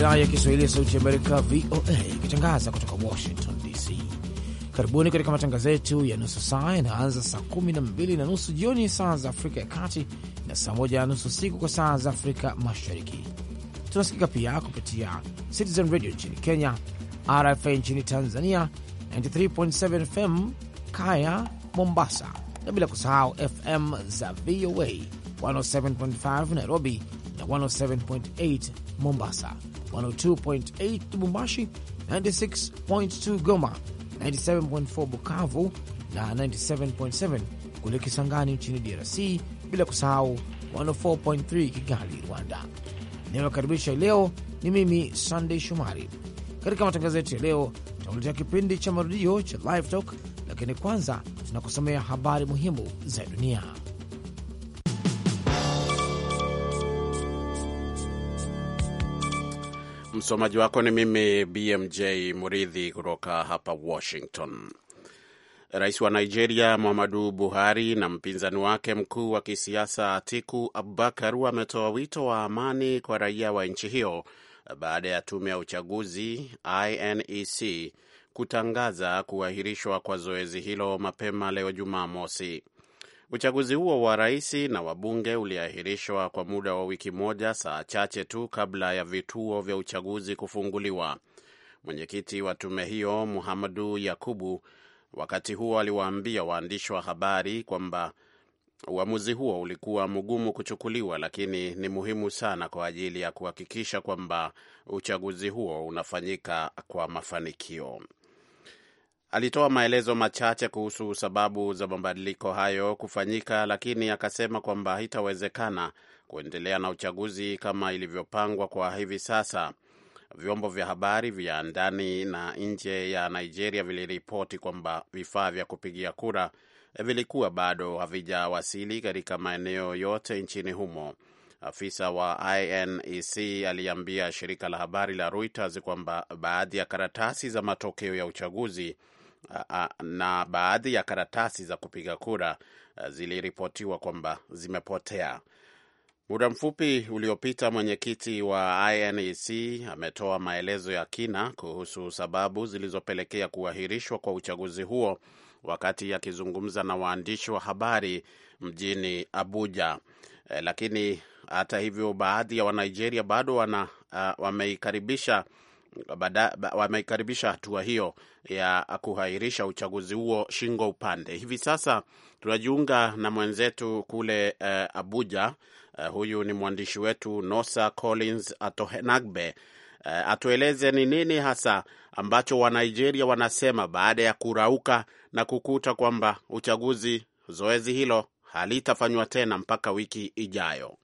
idhaa ya Kiswahili ya Sauti ya Amerika, VOA, ikitangaza kutoka Washington DC. Karibuni katika matangazo yetu ya nusu saa yanaanza saa kumi na mbili na nusu jioni saa za Afrika ya Kati na saa moja na nusu usiku kwa saa za Afrika Mashariki. Tunasikika pia kupitia Citizen Radio nchini Kenya, RFA nchini Tanzania, 93.7 FM Kaya Mombasa, na bila kusahau FM za VOA 107.5 Nairobi na 107.8 Mombasa 102.8 Lubumbashi, 96.2 Goma, 97.4 Bukavu na 97.7 kule Kisangani nchini DRC, bila kusahau 104.3 Kigali, Rwanda. Inayokaribisha leo ni mimi Sandey Shomari. Katika matangazo yetu ya leo, tutakuletea kipindi cha marudio cha Live Talk, lakini kwanza tunakusomea habari muhimu za dunia. Msomaji wako ni mimi BMJ Muridhi kutoka hapa Washington. Rais wa Nigeria Muhammadu Buhari na mpinzani wake mkuu wa kisiasa Atiku Abubakar wametoa wito wa amani kwa raia wa nchi hiyo baada ya tume ya uchaguzi INEC kutangaza kuahirishwa kwa zoezi hilo mapema leo Jumamosi. Uchaguzi huo wa rais na wabunge uliahirishwa kwa muda wa wiki moja, saa chache tu kabla ya vituo vya uchaguzi kufunguliwa. Mwenyekiti wa tume hiyo Muhamadu Yakubu wakati huo aliwaambia waandishi wa habari kwamba uamuzi huo ulikuwa mgumu kuchukuliwa, lakini ni muhimu sana kwa ajili ya kuhakikisha kwamba uchaguzi huo unafanyika kwa mafanikio. Alitoa maelezo machache kuhusu sababu za mabadiliko hayo kufanyika, lakini akasema kwamba haitawezekana kuendelea na uchaguzi kama ilivyopangwa kwa hivi sasa. Vyombo vya habari vya ndani na nje ya Nigeria viliripoti kwamba vifaa vya kupigia kura eh, vilikuwa bado havijawasili katika maeneo yote nchini humo. Afisa wa INEC aliambia shirika la habari la Reuters kwamba baadhi ya karatasi za matokeo ya uchaguzi na baadhi ya karatasi za kupiga kura ziliripotiwa kwamba zimepotea. Muda mfupi uliopita mwenyekiti wa INEC ametoa maelezo ya kina kuhusu sababu zilizopelekea kuahirishwa kwa uchaguzi huo wakati akizungumza na waandishi wa habari mjini Abuja. E, lakini hata hivyo baadhi ya Wanigeria bado wana, uh, wameikaribisha wameikaribisha hatua hiyo ya kuhairisha uchaguzi huo shingo upande. Hivi sasa tunajiunga na mwenzetu kule uh, Abuja. Uh, huyu ni mwandishi wetu Nosa Collins Atohenagbe. Uh, atueleze ni nini hasa ambacho Wanigeria wanasema baada ya kurauka na kukuta kwamba uchaguzi, zoezi hilo halitafanywa tena mpaka wiki ijayo.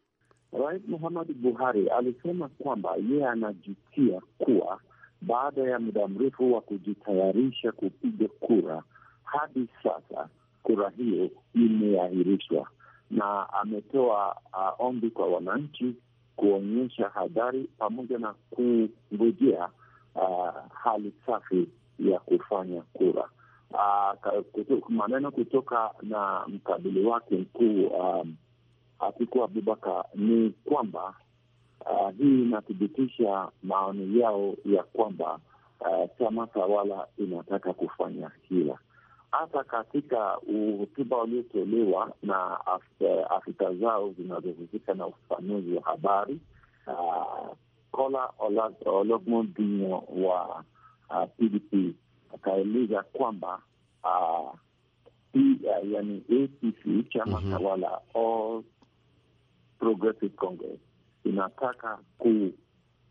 Rais Muhammadu Buhari alisema kwamba yeye anajutia kuwa baada ya muda mrefu wa kujitayarisha kupiga kura, hadi sasa kura hiyo imeahirishwa, na ametoa uh, ombi kwa wananchi kuonyesha hadhari pamoja na kungojea uh, hali safi ya kufanya kura. Uh, maneno kutoka na mkabili wake mkuu um, Atiku Abubakar ni kwamba uh, hii inathibitisha maoni yao ya kwamba uh, chama uh, tawala inataka kufanya hila. Hata katika uhutuba uliotolewa na afrika uh, zao zinazohusika na ufafanuzi wa habari uh, Kola wa uh, PDP akaeleza kwamba uh, uh, yani APC chama mhm. tawala mm -hmm. Progressive Congress inataka ku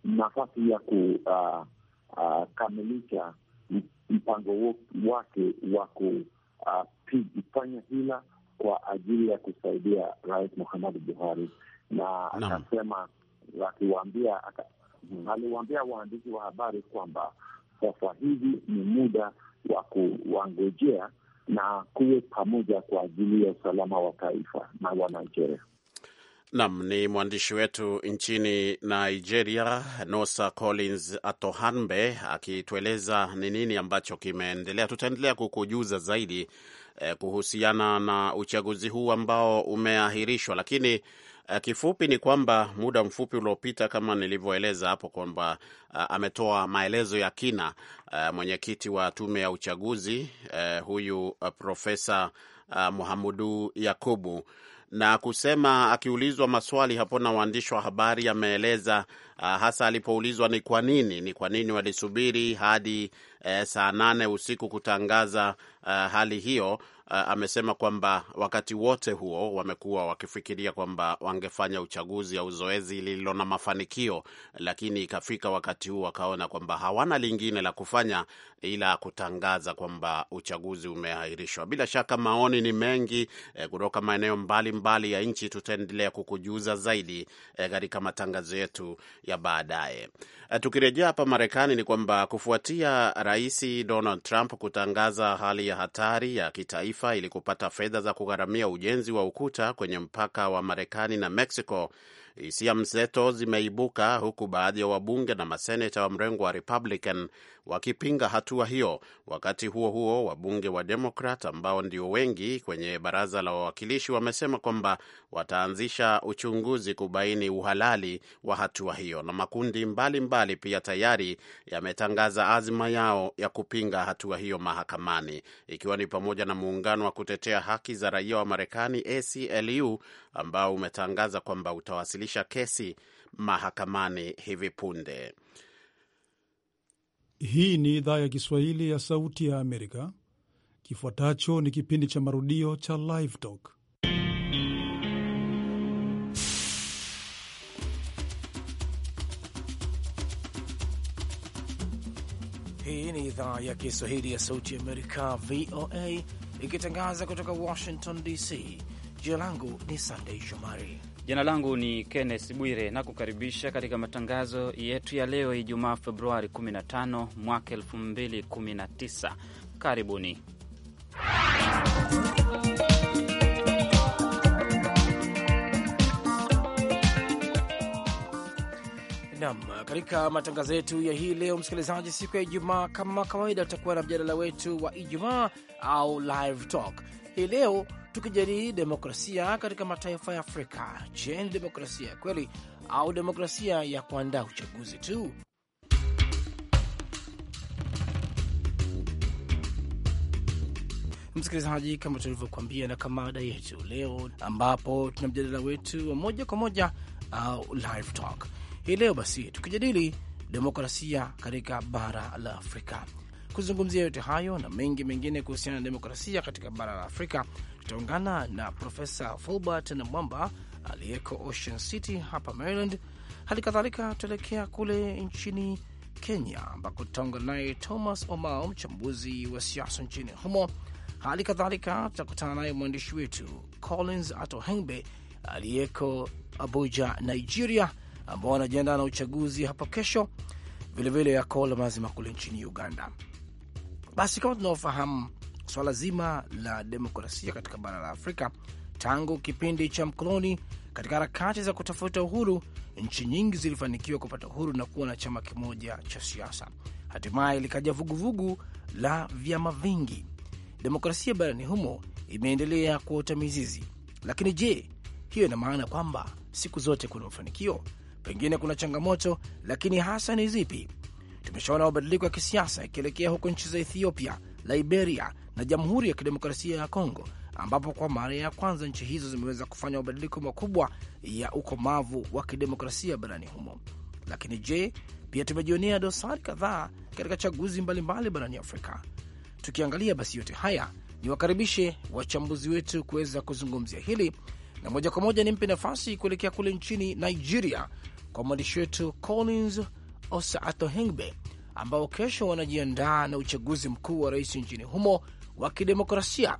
nafasi ya kukamilisha uh, uh, mpango wake wa kufanya uh, hila kwa ajili ya kusaidia Rais Muhammadu Buhari na akasema akiwaambia aliwaambia waandishi wa habari kwamba sasa hivi ni muda wa kuwangojea na kuwe pamoja kwa ajili ya usalama wa taifa na wa Nigeria. Nam ni mwandishi wetu nchini Nigeria, Nosa Collins Atohanbe akitueleza ni nini ambacho kimeendelea. Tutaendelea kukujuza zaidi eh, kuhusiana na uchaguzi huu ambao umeahirishwa, lakini eh, kifupi ni kwamba muda mfupi uliopita, kama nilivyoeleza hapo kwamba eh, ametoa maelezo ya kina eh, mwenyekiti wa tume ya uchaguzi eh, huyu eh, Profesa eh, Muhamudu Yakubu na kusema, akiulizwa maswali hapo na waandishi wa habari, ameeleza uh, hasa alipoulizwa ni kwa nini ni kwa nini walisubiri hadi uh, saa nane usiku kutangaza uh, hali hiyo uh, amesema kwamba wakati wote huo wamekuwa wakifikiria kwamba wangefanya uchaguzi au zoezi lililo na mafanikio, lakini ikafika wakati huu wakaona kwamba hawana lingine la kufanya ila kutangaza kwamba uchaguzi umeahirishwa. Bila shaka maoni ni mengi eh, kutoka maeneo mbalimbali ya nchi. Tutaendelea kukujuza zaidi eh, katika eh, matangazo yetu ya baadaye. Eh, tukirejea hapa Marekani ni kwamba kufuatia Rais Donald Trump kutangaza hali ya hatari ya kitaifa kimataifa ili kupata fedha za kugharamia ujenzi wa ukuta kwenye mpaka wa Marekani na Mexico. Hisia mseto zimeibuka huku baadhi ya wabunge na maseneta wa mrengo wa Republican wakipinga hatua hiyo. Wakati huo huo, wabunge wa Demokrat ambao ndio wengi kwenye baraza la wawakilishi wamesema kwamba wataanzisha uchunguzi kubaini uhalali wa hatua hiyo, na makundi mbalimbali mbali pia tayari yametangaza azma yao ya kupinga hatua hiyo mahakamani, ikiwa ni pamoja na muungano wa kutetea haki za raia wa Marekani ACLU ambao umetangaza kwamba utawasilisha kesi mahakamani hivi punde. Hii ni idhaa ya Kiswahili ya Sauti ya Amerika. Kifuatacho ni kipindi cha marudio cha Live Talk. Hii ni idhaa ya Kiswahili ya Sauti ya Amerika, VOA, ikitangaza kutoka Washington DC. Jina langu ni Sandei Shomari. Jina langu ni Kenneth Bwire na kukaribisha katika matangazo yetu ya leo Ijumaa, Februari 15 mwaka 2019. Karibuni Nam, katika matangazo yetu ya hii leo, msikilizaji, siku ya Ijumaa kama kawaida, tutakuwa na mjadala wetu wa Ijumaa au live talk hii leo, tukijadili demokrasia katika mataifa ya Afrika. Je, ni demokrasia ya kweli au demokrasia ya kuandaa uchaguzi tu? Msikilizaji, kama tulivyokuambia na kama ada yetu leo, ambapo tuna mjadala wetu wa moja kwa moja au live talk hii leo basi tukijadili demokrasia katika bara la Afrika. Kuzungumzia yote hayo na mengi mengine kuhusiana na demokrasia katika bara la Afrika, tutaungana na Profesa Fulbert na Mwamba aliyeko Ocean City hapa Maryland. Hali kadhalika tutaelekea kule nchini Kenya ambako tutaungana naye Thomas Omao, mchambuzi wa siasa nchini humo. Hali kadhalika tutakutana naye mwandishi wetu Collins Ato aliyeko Abuja, Nigeria ambao wanajiandaa na uchaguzi hapo kesho, vilevile yako lazima kule nchini Uganda. Basi kama tunaofahamu, swala zima la demokrasia katika bara la Afrika tangu kipindi cha mkoloni, katika harakati za kutafuta uhuru, nchi nyingi zilifanikiwa kupata uhuru na kuwa na chama kimoja cha siasa. Hatimaye likaja vuguvugu la vyama vingi. Demokrasia barani humo imeendelea kuota mizizi, lakini je, hiyo ina maana kwamba siku zote kuna mafanikio? Pengine kuna changamoto, lakini hasa ni zipi? Tumeshaona mabadiliko ya kisiasa yakielekea huko nchi za Ethiopia, Liberia na Jamhuri ya Kidemokrasia ya Kongo, ambapo kwa mara ya kwanza nchi hizo zimeweza kufanya mabadiliko makubwa ya ukomavu wa kidemokrasia barani humo. Lakini je, pia tumejionea dosari kadhaa katika chaguzi mbalimbali mbali barani Afrika. Tukiangalia basi yote haya, niwakaribishe wachambuzi wetu kuweza kuzungumzia hili, na moja kwa moja nimpe nafasi kuelekea kule nchini Nigeria kwa mwandishi wetu Collins Osaato Hengbe, ambao kesho wanajiandaa na uchaguzi mkuu wa rais nchini humo wa kidemokrasia.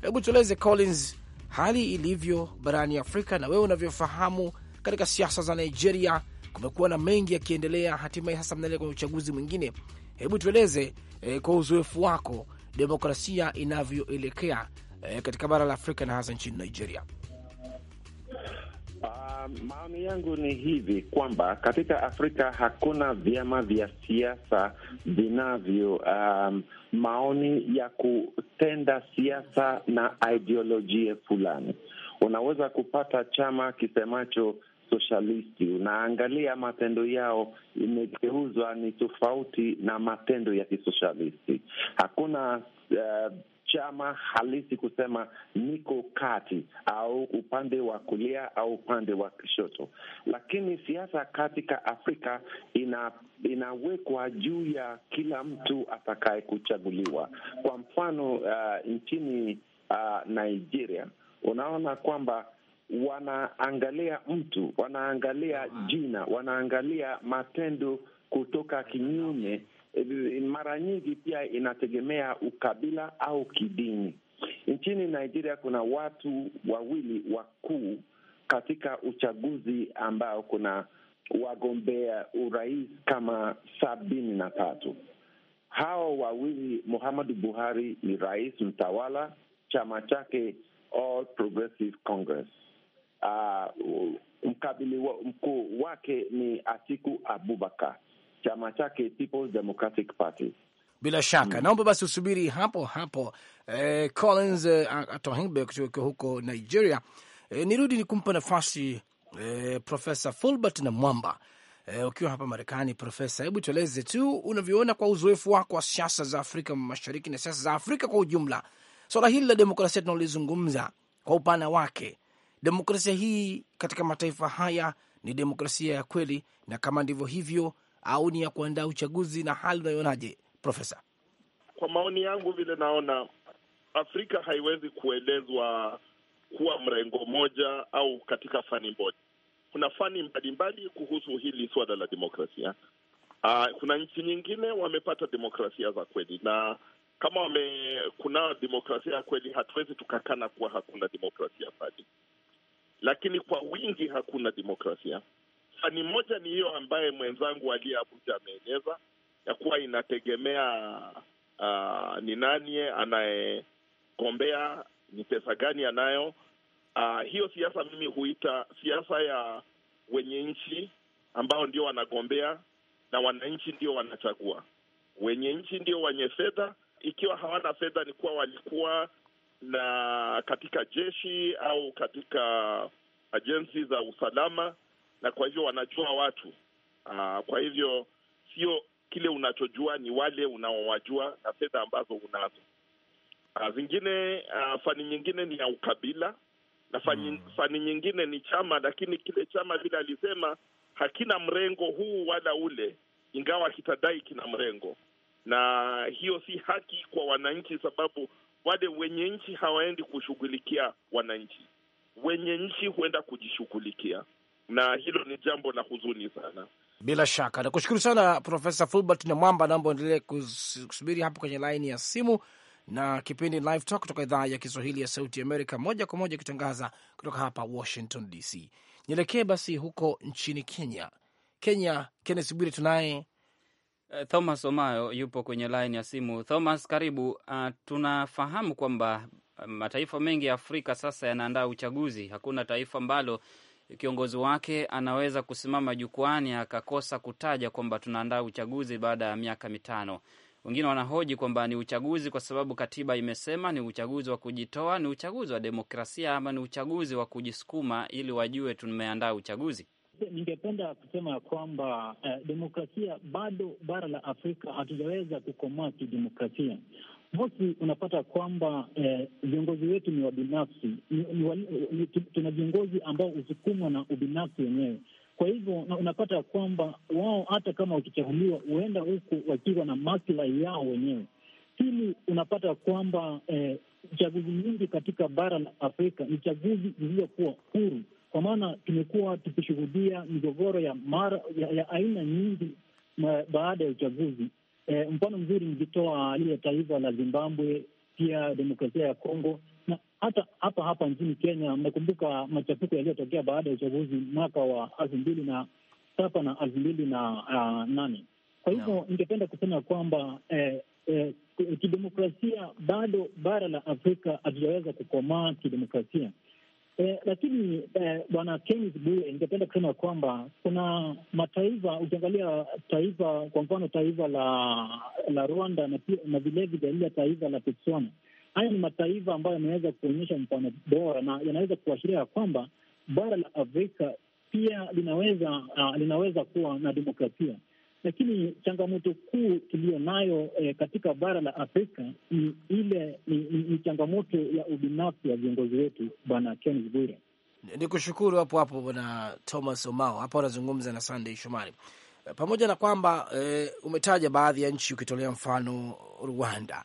Hebu tueleze Collins, hali ilivyo barani Afrika na wewe unavyofahamu katika siasa za Nigeria. Kumekuwa na mengi yakiendelea, hatimaye sasa mnaelekea kwenye uchaguzi mwingine. Hebu tueleze eh, kwa uzoefu wako demokrasia inavyoelekea eh, katika bara la Afrika na hasa nchini Nigeria. Ah, maoni yangu ni hivi kwamba katika Afrika hakuna vyama vya siasa vinavyo um, maoni ya kutenda siasa na ideolojia fulani. Unaweza kupata chama kisemacho sosialisti, unaangalia matendo yao imegeuzwa ni tofauti na matendo ya kisosialisti. Hakuna uh, chama halisi kusema niko kati au upande wa kulia au upande wa kushoto, lakini siasa katika Afrika ina inawekwa juu ya kila mtu atakaye kuchaguliwa. Kwa mfano uh, nchini uh, Nigeria unaona kwamba wanaangalia mtu, wanaangalia jina, wanaangalia matendo kutoka kinyume Eh, mara nyingi pia inategemea ukabila au kidini. Nchini Nigeria kuna watu wawili wakuu katika uchaguzi ambao kuna wagombea urais kama sabini na tatu. Hao wawili, Muhammadu Buhari ni rais mtawala, chama chake All Progressive Congress. Uh, mkabili wa, mkuu wake ni Atiku Abubakar chama chake People's Democratic Party. Bila shaka mm. Naomba basi usubiri hapo hapo eh, Collins eh, Atohengbe kutoka huko Nigeria. Eh, nirudi ni kumpa nafasi eh, Profesa Fulbert na Mwamba eh, ukiwa hapa Marekani. Profesa, hebu tueleze tu unavyoona kwa uzoefu wako wa siasa za Afrika Mashariki na siasa za Afrika kwa ujumla, swala hili la demokrasia tunalizungumza kwa upana wake. Demokrasia hii katika mataifa haya ni demokrasia ya kweli, na kama ndivyo hivyo au ni ya kuandaa uchaguzi na hali unaionaje, Profesa? Kwa maoni yangu, vile naona Afrika haiwezi kuelezwa kuwa mrengo moja au katika fani moja. Kuna fani mbalimbali kuhusu hili suala la demokrasia. Uh, kuna nchi nyingine wamepata demokrasia za kweli, na kama wame kuna demokrasia ya kweli, hatuwezi tukakana kuwa hakuna demokrasia pale, lakini kwa wingi hakuna demokrasia ni moja ni hiyo ambaye mwenzangu aliye Abuja ameeleza ya kuwa inategemea uh, ni nani anayegombea, ni pesa gani anayo. Uh, hiyo siasa mimi huita siasa ya wenye nchi ambao ndio wanagombea na wananchi ndio wanachagua. Wenye nchi ndio wenye fedha. Ikiwa hawana fedha, ni kuwa walikuwa na katika jeshi au katika ajensi za usalama na kwa hivyo wanajua watu aa. Ah, kwa hivyo sio kile unachojua, ni wale unaowajua na fedha ambazo unazo. Aa, ah, zingine ah, fani nyingine ni ya ukabila na fani, mm. fani nyingine ni chama, lakini kile chama vile alisema hakina mrengo huu wala ule, ingawa kitadai kina mrengo, na hiyo si haki kwa wananchi, sababu wale wenye nchi hawaendi kushughulikia wananchi, wenye nchi huenda kujishughulikia na hilo ni jambo la huzuni sana. Bila shaka na kushukuru sana Profesa Fulbert na Mwamba, naomba endelee kusubiri hapo kwenye laini ya simu na kipindi Live Talk kutoka idhaa ya Kiswahili ya Sauti Amerika, moja kwa moja ikitangaza kutoka hapa Washington DC. Nielekee basi huko nchini Kenya. Kenya, Kennes Bwire tunaye eh, Thomas Omayo yupo kwenye laini ya simu. Thomas, karibu. Uh, tunafahamu kwamba mataifa mengi ya Afrika sasa yanaandaa uchaguzi. Hakuna taifa ambalo kiongozi wake anaweza kusimama jukwani akakosa kutaja kwamba tunaandaa uchaguzi baada ya miaka mitano. Wengine wanahoji kwamba ni uchaguzi kwa sababu katiba imesema ni uchaguzi wa kujitoa, ni uchaguzi wa demokrasia, ama ni uchaguzi wa kujisukuma ili wajue tumeandaa uchaguzi. Ningependa kusema ya kwamba eh, demokrasia bado bara la Afrika hatujaweza kukomaa kidemokrasia. Mosi, unapata kwamba eh, viongozi eh, wetu ni wabinafsi, tuna viongozi ambao husukumwa na ubinafsi wenyewe. Kwa hivyo unapata kwamba wao hata kama wakichaguliwa huenda huku wakiwa na maslahi yao wenyewe. Pili, unapata kwamba eh, chaguzi nyingi katika bara la Afrika ni chaguzi zilizokuwa huru, kwa maana tumekuwa tukishuhudia migogoro ya ya, ya aina nyingi baada ya uchaguzi E, mfano mzuri nikitoa lile taifa la Zimbabwe, pia demokrasia ya Kongo na hata hapa hapa nchini Kenya. Mnakumbuka machafuko yaliyotokea baada ya uchaguzi mwaka wa elfu mbili na saba na elfu mbili na uh, nane. Kwa hivyo no. ningependa kusema kwamba eh, eh, kidemokrasia bado bara la Afrika hatujaweza kukomaa kidemokrasia E, lakini eh, bwana Kenneth Bwire, ningependa kusema kwamba kuna mataifa, ukiangalia taifa kwa mfano taifa la la Rwanda na vilevile lile taifa la Botswana, haya ni mataifa ambayo yameweza kuonyesha mfano bora na yanaweza kuashiria ya kwamba bara la Afrika pia linaweza uh, linaweza kuwa na demokrasia. Lakini changamoto kuu tuliyo nayo eh, katika bara la Afrika ni ile ni, ni, ni changamoto ya ubinafsi wa viongozi wetu, Bwana Ken Bwire. Ni kushukuru hapo hapo Bwana Thomas Omao, hapa anazungumza na Sunday Shomari, eh, pamoja na kwamba eh, umetaja baadhi ya nchi ukitolea mfano Rwanda.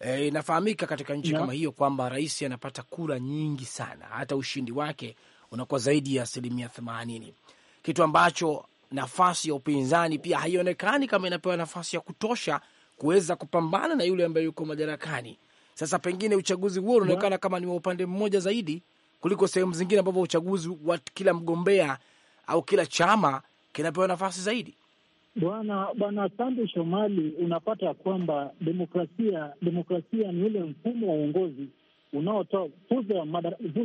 E, inafahamika katika nchi no. kama hiyo kwamba rais anapata kura nyingi sana, hata ushindi wake unakuwa zaidi ya asilimia themanini, kitu ambacho nafasi ya upinzani pia haionekani kama inapewa nafasi ya kutosha kuweza kupambana na yule ambaye yuko madarakani. Sasa pengine uchaguzi huo unaonekana kama ni wa upande mmoja zaidi kuliko sehemu zingine ambapo uchaguzi wa kila mgombea au kila chama kinapewa nafasi zaidi. Bwana Bwana Sande Shomali, unapata kwamba demokrasia demokrasia ni ule mfumo wa uongozi unaotoa fursa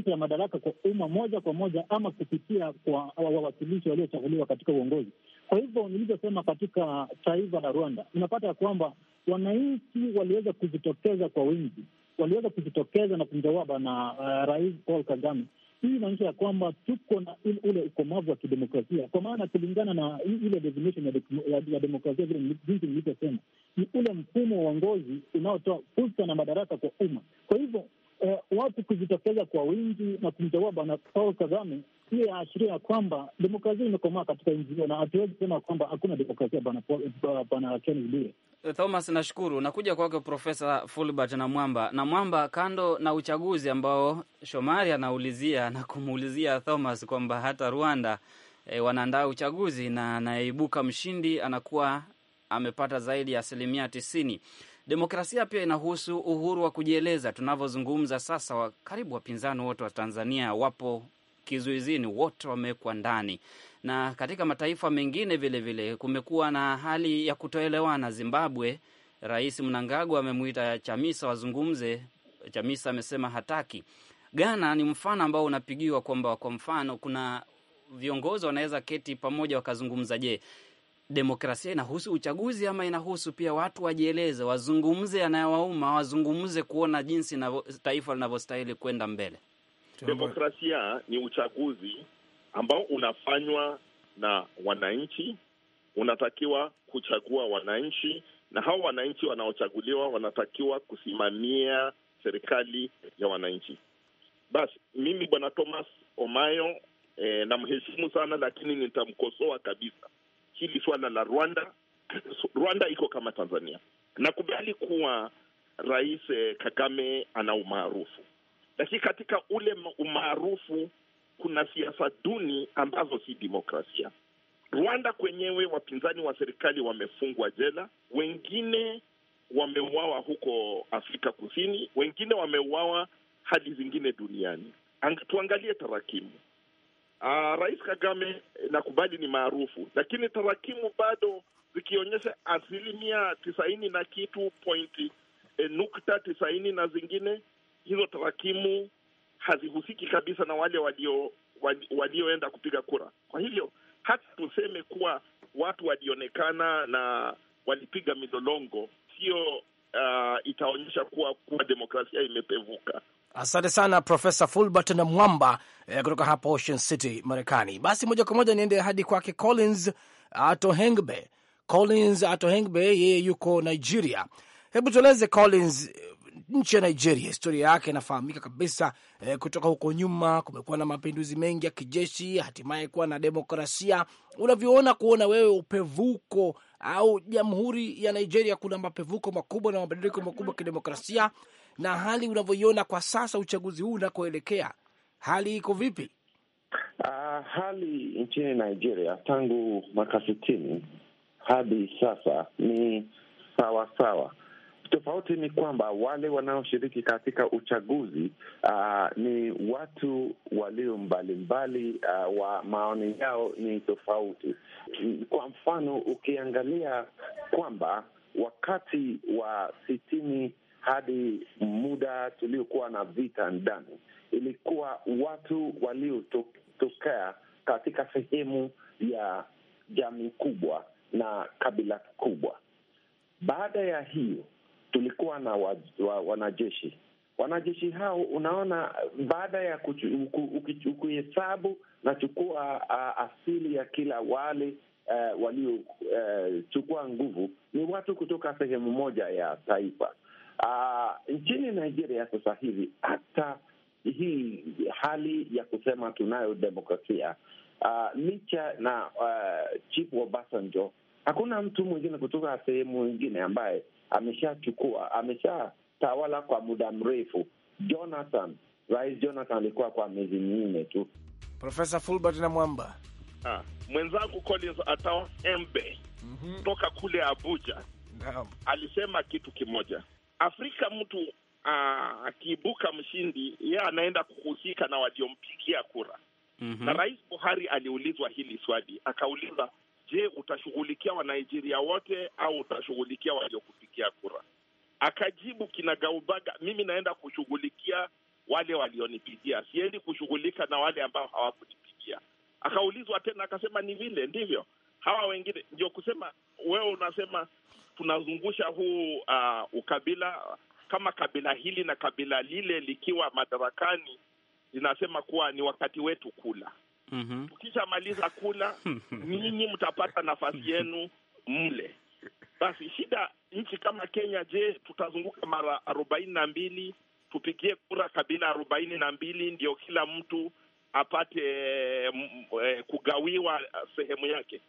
ya madaraka kwa umma moja kwa moja ama kupitia kwa wawakilishi waliochaguliwa katika uongozi. Kwa hivyo nilivyosema, katika taifa la Rwanda unapata ya kwamba wananchi waliweza kujitokeza kwa wingi, waliweza kujitokeza na kumjawaa bwana uh, Rais Paul Kagame. Hii inaonyesha ya kwamba tuko na ule ukomavu wa kidemokrasia, kwa maana kulingana na ile definition ya, ya, ya demokrasia vile jinsi nilivyosema, ni ule mfumo wa uongozi unaotoa fursa na madaraka kwa umma. Kwa hivyo eh, watu kujitokeza kwa wingi na kumchagua Bwana Paul Kagame, hiyo yaashiria ya kwamba demokrasia imekomaa katika nchi hiyo, na hatuwezi kusema kwamba hakuna demokrasia. Bwana Bwana Kenneth Bwire. Eh, Thomas, nashukuru. Nakuja kwako Profesa Fulbert na Mwamba na Mwamba, kando na uchaguzi ambao Shomari anaulizia na kumuulizia Thomas kwamba hata Rwanda e, wanaandaa uchaguzi na anayeibuka mshindi anakuwa amepata zaidi ya asilimia tisini. Demokrasia pia inahusu uhuru wa kujieleza. Tunavyozungumza sasa, wa karibu wapinzani wote wa Tanzania wapo kizuizini, wote wamewekwa ndani, na katika mataifa mengine vilevile kumekuwa na hali ya kutoelewana. Zimbabwe, Rais Mnangagwa amemwita Chamisa wazungumze, Chamisa amesema hataki. Ghana ni mfano ambao unapigiwa kwamba, kwa mfano, kuna viongozi wanaweza keti pamoja wakazungumza. Je, demokrasia inahusu uchaguzi ama inahusu pia watu wajieleze, wazungumze yanayowauma, wazungumze kuona jinsi na taifa linavyostahili kwenda mbele. Demokrasia ni uchaguzi ambao unafanywa na wananchi, unatakiwa kuchagua wananchi, na hao wananchi wanaochaguliwa wanatakiwa kusimamia serikali ya wananchi. Basi mimi Bwana Thomas Omayo eh, namheshimu sana, lakini nitamkosoa kabisa hili swala la Rwanda, Rwanda iko kama Tanzania. Nakubali kuwa Rais eh, Kagame ana umaarufu, lakini katika ule umaarufu kuna siasa duni ambazo si demokrasia. Rwanda kwenyewe, wapinzani wa serikali wamefungwa jela, wengine wameuawa huko Afrika Kusini, wengine wameuawa hadi zingine duniani. Ang, tuangalie tarakimu Uh, Rais Kagame nakubali ni maarufu, lakini tarakimu bado zikionyesha asilimia tisaini na kitu pointi e, eh, nukta tisaini na zingine, hizo tarakimu hazihusiki kabisa na wale walio walioenda kupiga kura. Kwa hivyo hata tuseme kuwa watu walionekana na walipiga milolongo, sio uh, itaonyesha kuwa kuwa demokrasia imepevuka. Asante sana Profesa Fulbert na Mwamba eh, kutoka hapa Ocean City, Marekani. Basi moja kwa moja niende hadi kwake Collins Atohengbe. Collins Atohengbe yeye yuko Nigeria. Hebu tueleze Collins, nchi ya Nigeria historia yake inafahamika kabisa eh, kutoka huko nyuma kumekuwa na mapinduzi mengi ya kijeshi, hatimaye kuwa na demokrasia. Unavyoona kuona wewe upevuko au jamhuri ya, ya Nigeria, kuna mapevuko makubwa na mabadiliko makubwa kidemokrasia, na hali unavyoiona kwa sasa, uchaguzi huu unakoelekea, hali iko vipi? Uh, hali nchini Nigeria tangu mwaka sitini hadi sasa ni sawa sawa. Tofauti ni kwamba wale wanaoshiriki katika uchaguzi uh, ni watu walio mbalimbali uh, ah, wa maoni yao ni tofauti. Kwa mfano, ukiangalia kwamba wakati wa sitini hadi muda tuliokuwa na vita ndani, ilikuwa watu waliotokea katika sehemu ya jamii kubwa na kabila kubwa. Baada ya hiyo tulikuwa na wa, wa, wanajeshi. Wanajeshi hao, unaona, baada ya kuhesabu na chukua uh, asili ya kila wale uh, e, waliochukua e, uh, nguvu, ni watu kutoka sehemu moja ya taifa Ah, nchini Nigeria sasa hivi hata hii hali ya kusema tunayo demokrasia uh, licha na uh, Chief Obasanjo, hakuna mtu mwingine kutoka sehemu ingine ambaye ameshachukua ameshatawala kwa muda mrefu. Jonathan, Rais Jonathan alikuwa kwa miezi minne tu. Profesa Fulbert na Mwamba, mwenzangu Collins Atao Embe mm -hmm. toka kule Abuja Naam. alisema kitu kimoja Afrika mtu ah, akiibuka mshindi, yeye anaenda kuhusika na waliompigia kura. Mm -hmm. Na Rais Buhari aliulizwa hili swali, akauliza, je, utashughulikia Wanaijeria wote au utashughulikia waliokupigia kura? Akajibu kinagaubaga, mimi naenda kushughulikia wale walionipigia, siendi kushughulika na wale ambao hawakunipigia. Akaulizwa tena akasema, ni vile ndivyo hawa wengine. Ndio kusema wewe unasema tunazungusha huu uh, ukabila kama kabila hili na kabila lile likiwa madarakani linasema kuwa ni wakati wetu kula. mm -hmm. Tukishamaliza kula nyinyi mtapata nafasi yenu mle. Basi shida nchi kama Kenya, je, tutazunguka mara arobaini na mbili tupigie kura kabila arobaini na mbili ndio kila mtu apate e, kugawiwa eh, sehemu yake?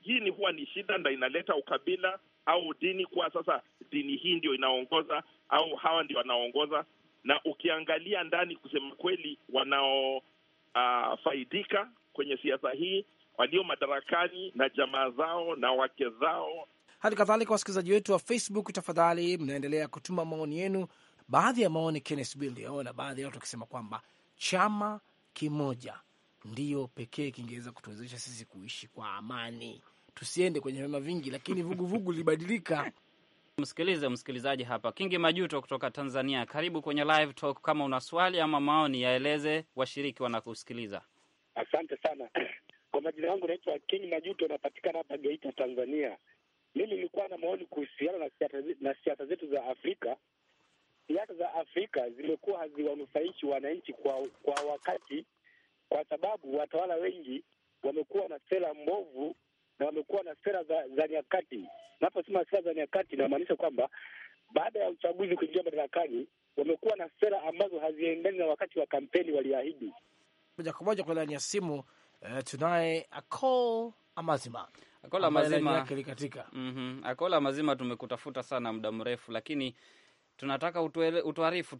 Hii ni huwa ni shida, na inaleta ukabila au dini kuwa sasa dini hii ndio inaongoza au hawa ndio wanaongoza. Na ukiangalia ndani, kusema kweli, wanaofaidika ah, uh, kwenye siasa hii walio madarakani na jamaa zao na wake zao. Hali kadhalika wasikilizaji wetu wa Facebook, tafadhali mnaendelea kutuma maoni yenu. Baadhi ya maoni Kennes Bill baadhi ya watu wakisema kwamba chama kimoja ndiyo pekee kingeweza kutuwezesha sisi kuishi kwa amani tusiende kwenye vyama vingi, lakini vuguvugu libadilika. Msikilize msikilizaji hapa, Kingi Majuto kutoka Tanzania, karibu kwenye live talk. Kama una swali ama maoni, yaeleze, washiriki wanakusikiliza. Asante sana kwa majina yangu naitwa Kingi Majuto, napatikana hapa Geita, Tanzania. Mimi nilikuwa na maoni kuhusiana na siasa na siasa zetu za Afrika. Siasa za Afrika zimekuwa haziwanufaishi wananchi kwa kwa wakati, kwa sababu watawala wengi wamekuwa na sera mbovu na wamekuwa na sera za, za nyakati. Naposema sera za nyakati, namaanisha kwamba baada ya uchaguzi kuingia madarakani, wamekuwa na sera ambazo haziendani na wakati wa kampeni waliahidi. Moja kwa moja kwa ndani ya simu uh, tunaye Akol Amazima. Akola mazima, mm -hmm. Akola Amazima, tumekutafuta sana muda mrefu, lakini tunataka utuarifu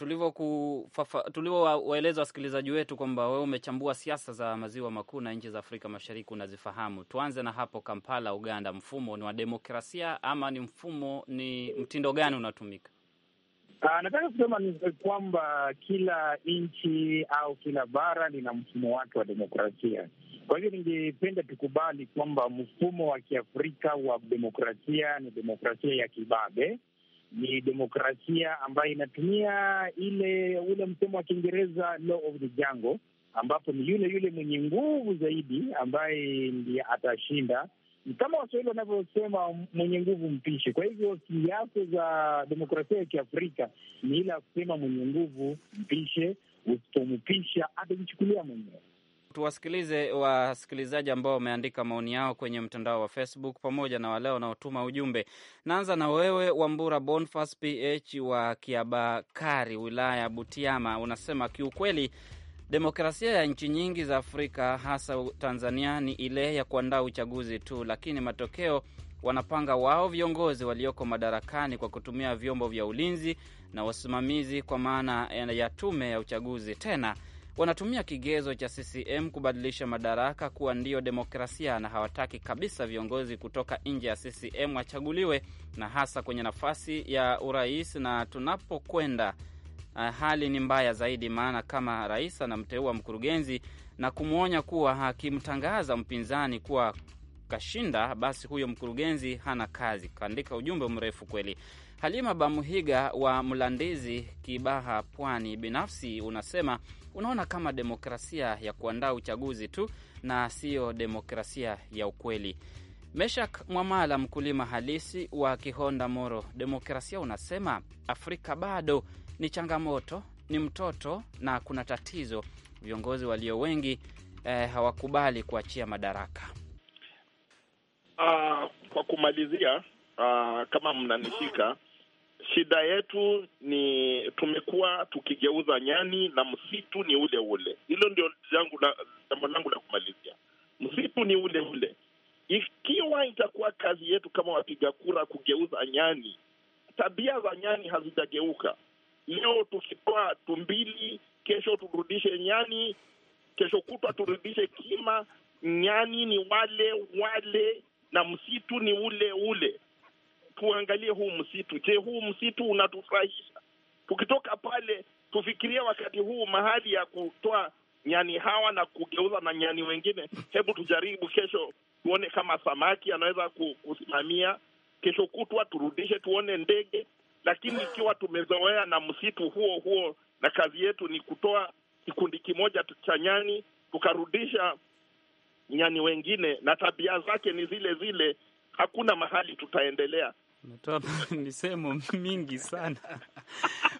tulivyowaeleza wasikilizaji wetu kwamba wewe umechambua siasa za maziwa makuu na nchi za Afrika Mashariki unazifahamu. Tuanze na hapo Kampala, Uganda, mfumo ni wa demokrasia ama ni mfumo, ni mtindo gani unatumika? Uh, nataka kusema ni kwamba kila nchi au kila bara lina mfumo wake wa demokrasia. Kwa hivyo ningependa tukubali kwamba mfumo wa Kiafrika wa demokrasia ni demokrasia ya kibabe ni demokrasia ambayo inatumia ile ule msemo wa Kiingereza law of the jungle, ambapo ni yule yule mwenye nguvu zaidi ambaye ndiye atashinda. Ni kama Waswahili wanavyosema mwenye nguvu mpishi. Kwa hivyo siasa za demokrasia ya Kiafrika ni ile ya kusema mwenye nguvu mpishe, usipompisha atajichukulia mwenyewe. Tuwasikilize wasikilizaji ambao wameandika maoni yao kwenye mtandao wa Facebook pamoja na wale wanaotuma ujumbe. Naanza na wewe Wambura Bonfas PH wa Kiabakari, wilaya ya Butiama. Unasema kiukweli demokrasia ya nchi nyingi za Afrika hasa Tanzania ni ile ya kuandaa uchaguzi tu, lakini matokeo wanapanga wao viongozi walioko madarakani kwa kutumia vyombo vya ulinzi na wasimamizi, kwa maana ya tume ya uchaguzi. Tena wanatumia kigezo cha CCM kubadilisha madaraka kuwa ndiyo demokrasia, na hawataki kabisa viongozi kutoka nje ya CCM wachaguliwe, na hasa kwenye nafasi ya urais. Na tunapokwenda eh, hali ni mbaya zaidi, maana kama rais anamteua mkurugenzi na kumwonya kuwa akimtangaza mpinzani kuwa kashinda, basi huyo mkurugenzi hana kazi. Kaandika ujumbe mrefu kweli. Halima Bamuhiga wa Mlandizi, Kibaha, Pwani, binafsi unasema unaona kama demokrasia ya kuandaa uchaguzi tu na siyo demokrasia ya ukweli. Meshak Mwamala, mkulima halisi wa Kihonda, Moro, demokrasia unasema Afrika bado ni changamoto, ni mtoto na kuna tatizo. Viongozi walio wengi eh, hawakubali kuachia madaraka. Uh, kwa kumalizia, uh, kama mnanishika Shida yetu ni tumekuwa tukigeuza nyani na msitu ni ule ule. Hilo ndio jambo langu la kumalizia, msitu ni ule ule. Ikiwa itakuwa kazi yetu kama wapiga kura kugeuza nyani, tabia za nyani hazitageuka. Leo tukitoa tumbili, kesho turudishe nyani, kesho kutwa turudishe kima. Nyani ni wale wale na msitu ni ule ule tuangalie huu msitu. Je, huu msitu unatufurahisha? Tukitoka pale tufikirie wakati huu mahali ya kutoa nyani hawa na kugeuza na nyani wengine. Hebu tujaribu kesho, tuone kama samaki anaweza kusimamia, kesho kutwa turudishe, tuone ndege. Lakini ikiwa tumezoea na msitu huo huo na kazi yetu ni kutoa kikundi kimoja cha nyani tukarudisha nyani wengine na tabia zake ni zile zile, hakuna mahali tutaendelea umetoa misemo mingi sana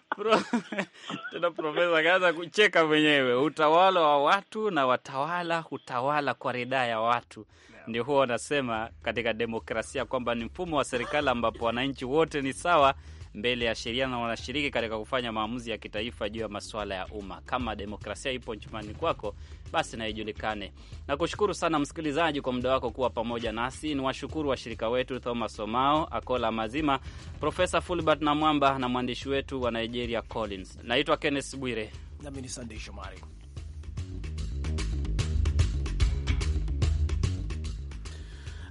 tena profesa kaanza kucheka mwenyewe. Utawala wa watu na watawala hutawala kwa ridhaa ya watu, ndio huwa wanasema katika demokrasia kwamba ni mfumo wa serikali ambapo wananchi wote ni sawa mbele ya sheria na wanashiriki katika kufanya maamuzi ya kitaifa juu ya masuala ya umma. Kama demokrasia ipo chumani kwako, basi naijulikane. Nakushukuru sana msikilizaji kwa muda wako kuwa pamoja nasi. Ni washukuru washirika wetu Thomas Omao, Akola Mazima, Profesa Fulbert Namwamba na mwandishi wetu wa Nigeria Collins. Naitwa Kenneth Bwire nami ni Sandei Shomari.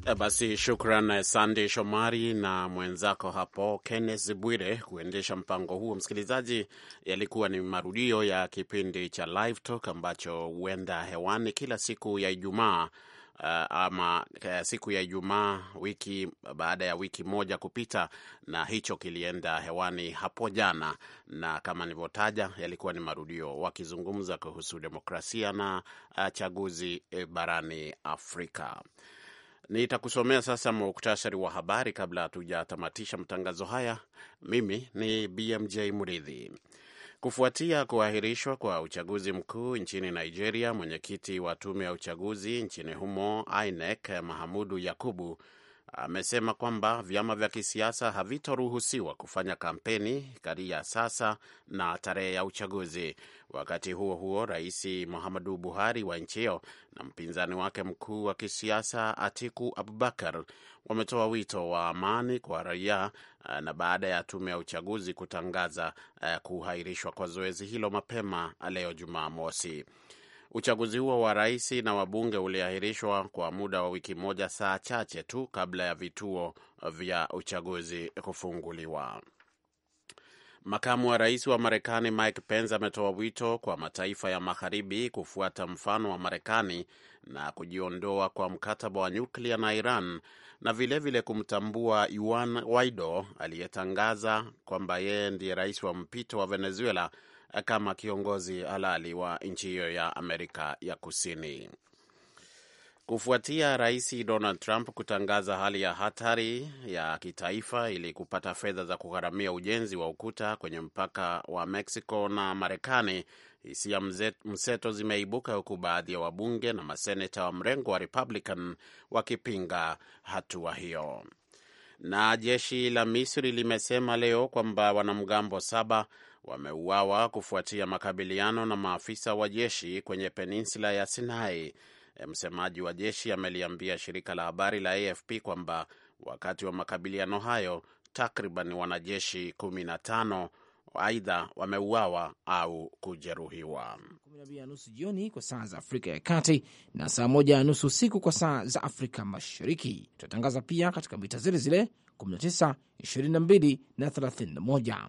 Eh, basi shukran eh, Sandey Shomari na mwenzako hapo Kenneth Bwire kuendesha mpango huo. Msikilizaji, yalikuwa ni marudio ya kipindi cha Live Talk ambacho huenda hewani kila siku ya Ijumaa Uh, ama uh, siku ya Ijumaa wiki baada ya wiki moja kupita, na hicho kilienda hewani hapo jana, na kama nilivyotaja yalikuwa ni marudio wakizungumza kuhusu demokrasia na uh, chaguzi barani Afrika. Nitakusomea sasa muktasari wa habari kabla hatujatamatisha matangazo haya. Mimi ni BMJ Muridhi. Kufuatia kuahirishwa kwa uchaguzi mkuu nchini Nigeria, mwenyekiti wa tume ya uchaguzi nchini humo INEC Mahamudu Yakubu amesema kwamba vyama vya kisiasa havitoruhusiwa kufanya kampeni kati ya sasa na tarehe ya uchaguzi. Wakati huo huo, Rais Muhammadu Buhari wa nchi hiyo na mpinzani wake mkuu wa kisiasa Atiku Abubakar wametoa wito wa amani kwa raia eh, na baada ya tume ya uchaguzi kutangaza eh, kuhairishwa kwa zoezi hilo mapema leo Jumamosi. Uchaguzi huo wa rais na wabunge uliahirishwa kwa muda wa wiki moja, saa chache tu kabla ya vituo vya uchaguzi kufunguliwa. Makamu wa rais wa Marekani Mike Pence ametoa wito kwa mataifa ya magharibi kufuata mfano wa Marekani na kujiondoa kwa mkataba wa nyuklia na Iran na vilevile vile kumtambua Juan Guaido aliyetangaza kwamba yeye ndiye rais wa mpito wa Venezuela Eh, kama kiongozi halali wa nchi hiyo ya Amerika ya Kusini. Kufuatia Rais Donald Trump kutangaza hali ya hatari ya kitaifa ili kupata fedha za kugharamia ujenzi wa ukuta kwenye mpaka wa Mexico na Marekani, hisia mseto zimeibuka huku baadhi ya wabunge na maseneta wa mrengo wa Republican wakipinga hatua wa hiyo. Na jeshi la Misri limesema leo kwamba wanamgambo saba wameuawa kufuatia makabiliano na maafisa wa jeshi kwenye peninsula ya Sinai. E, msemaji wa jeshi ameliambia shirika la habari la AFP kwamba wakati wa makabiliano hayo takriban wanajeshi 15 aidha wameuawa au kujeruhiwa. nusu jioni kwa saa za Afrika ya Kati na saa 1 na nusu usiku kwa saa za Afrika Mashariki. Tutatangaza pia katika mita zile zile 19, 22 na 31.